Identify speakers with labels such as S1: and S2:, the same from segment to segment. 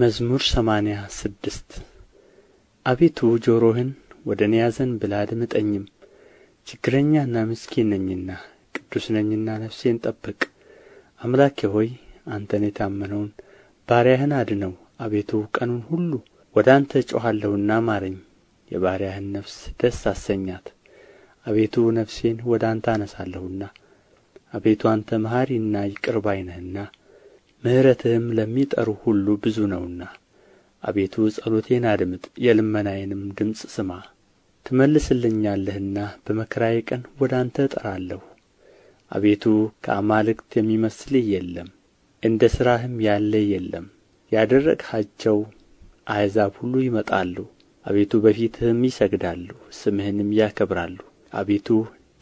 S1: መዝሙር ሰማንያ ስድስት አቤቱ ጆሮህን ወደ እኔ ብላ አድምጠኝም ችግረኛና ምስኪን ነኝና ቅዱስ ነኝና ነፍሴን ጠብቅ አምላኬ ሆይ አንተን የታመነውን ባሪያህን አድነው አቤቱ ቀኑን ሁሉ ወደ አንተ እጮኻለሁና ማረኝ የባሪያህን ነፍስ ደስ አሰኛት አቤቱ ነፍሴን ወደ አንተ አነሳለሁና አቤቱ አንተ መሐሪና ይቅር ባይ ነህና ምሕረትህም ለሚጠሩህ ሁሉ ብዙ ነውና አቤቱ ጸሎቴን አድምጥ የልመናዬንም ድምፅ ስማ ትመልስልኛለህና በመከራዬ ቀን ወደ አንተ እጠራለሁ አቤቱ ከአማልክት የሚመስልህ የለም እንደ ሥራህም ያለ የለም ያደረግሃቸው አሕዛብ ሁሉ ይመጣሉ አቤቱ በፊትህም ይሰግዳሉ ስምህንም ያከብራሉ አቤቱ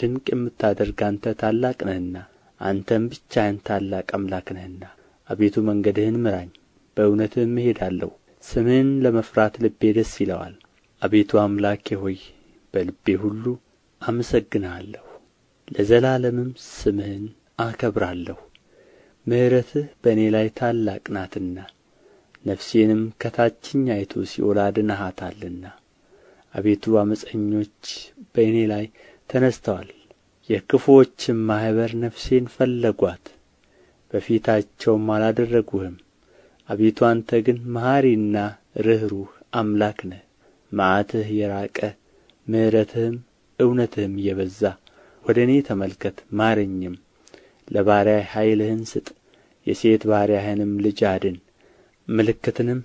S1: ድንቅ የምታደርግ አንተ ታላቅ ነህና አንተም ብቻህን ታላቅ አምላክ ነህና አቤቱ መንገድህን ምራኝ በእውነትህም እሄዳለሁ ስምህን ለመፍራት ልቤ ደስ ይለዋል አቤቱ አምላኬ ሆይ በልቤ ሁሉ አመሰግንሃለሁ ለዘላለምም ስምህን አከብራለሁ ምሕረትህ በእኔ ላይ ታላቅ ናትና ነፍሴንም ከታችኛይቱ ሲኦል አድነሃታልና አቤቱ ዓመፀኞች በእኔ ላይ ተነሥተዋል የክፉዎችም ማኅበር ነፍሴን ፈለጓት በፊታቸውም አላደረጉህም አቤቱ አንተ ግን መሓሪና ርኅሩኅ አምላክ ነህ መዓትህ የራቀ ምሕረትህም እውነትህም የበዛ ወደ እኔ ተመልከት ማረኝም ለባሪያህ ኃይልህን ስጥ የሴት ባሪያህንም ልጅ አድን ምልክትንም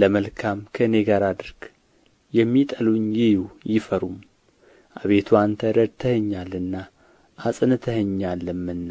S1: ለመልካም ከእኔ ጋር አድርግ የሚጠሉኝ ይዩ ይፈሩም አቤቱ አንተ ረድተኸኛልና አጽንተኸኛልምና